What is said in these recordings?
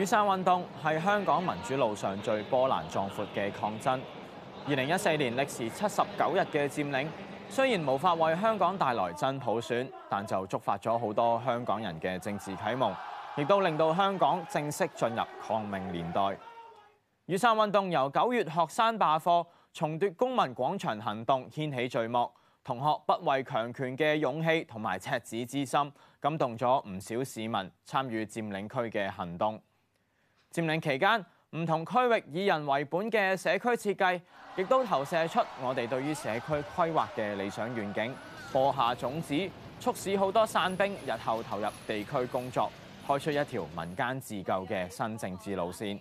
雨傘運動係香港民主路上最波瀾壯闊嘅抗爭。二零一四年歷時七十九日嘅佔領，雖然無法為香港帶來真普選，但就觸發咗好多香港人嘅政治啟蒙，亦都令到香港正式進入抗命年代。雨傘運動由九月學生罷課、重奪公民廣場行動掀起序幕，同學不畏強權嘅勇氣同埋赤子之心，感動咗唔少市民參與佔領區嘅行動。佔領期間，唔同區域以人為本嘅社區設計，亦都投射出我哋對於社區規劃嘅理想願景。播下種子，促使好多散兵日後投入地區工作，開出一條民間自救嘅新政治路線。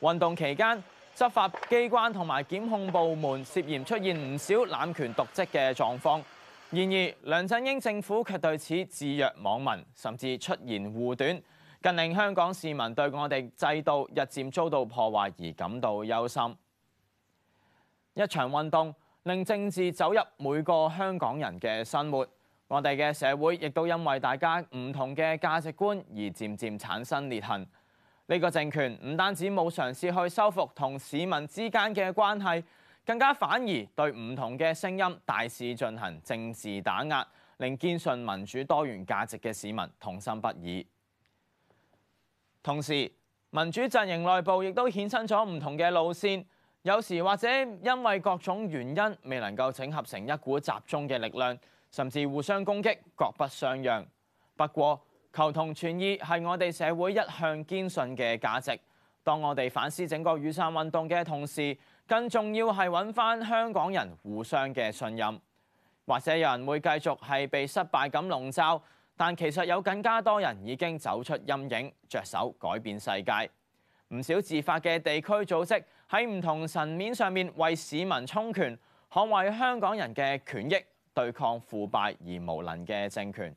運動期間，執法機關同埋檢控部門涉嫌出現唔少濫權瀆職嘅狀況，然而梁振英政府卻對此置若罔聞，甚至出言護短。更令香港市民對我哋制度日漸遭到破壞而感到憂心。一場運動令政治走入每個香港人嘅生活，我哋嘅社會亦都因為大家唔同嘅價值觀而漸漸產生裂痕。呢個政權唔單止冇嘗試去修復同市民之間嘅關係，更加反而對唔同嘅聲音大肆進行政治打壓，令堅信民主多元價值嘅市民痛心不已。同時，民主陣營內部亦都衍生咗唔同嘅路線，有時或者因為各種原因未能夠整合成一股集中嘅力量，甚至互相攻擊，各不相讓。不過，求同存異係我哋社會一向堅信嘅價值。當我哋反思整個雨傘運動嘅同時，更重要係揾返香港人互相嘅信任。或者有人會繼續係被失敗感籠罩。但其實有更加多人已經走出陰影，着手改變世界。唔少自發嘅地區組織喺唔同層面上面為市民充權，捍衛香港人嘅權益，對抗腐敗而無能嘅政權。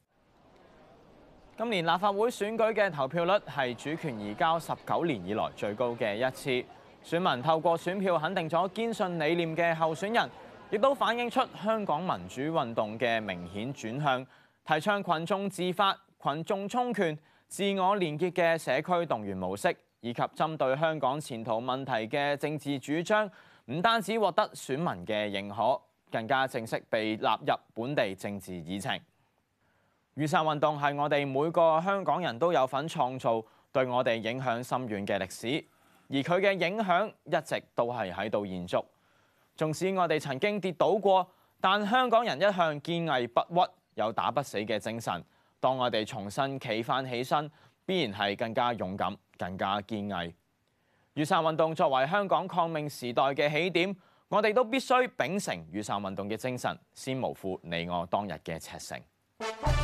今年立法會選舉嘅投票率係主權移交十九年以來最高嘅一次，選民透過選票肯定咗堅信理念嘅候選人，亦都反映出香港民主運動嘅明顯轉向。提倡群眾自發、群眾充權、自我連結嘅社區動員模式，以及針對香港前途問題嘅政治主張，唔單止獲得選民嘅認可，更加正式被納入本地政治議程。雨傘運動係我哋每個香港人都有份創造，對我哋影響深遠嘅歷史，而佢嘅影響一直都係喺度延續。縱使我哋曾經跌倒過，但香港人一向堅毅不屈。有打不死嘅精神，當我哋重新企返起身，必然係更加勇敢、更加堅毅。雨傘運動作為香港抗命時代嘅起點，我哋都必須秉承雨傘運動嘅精神，先無負你我當日嘅赤誠。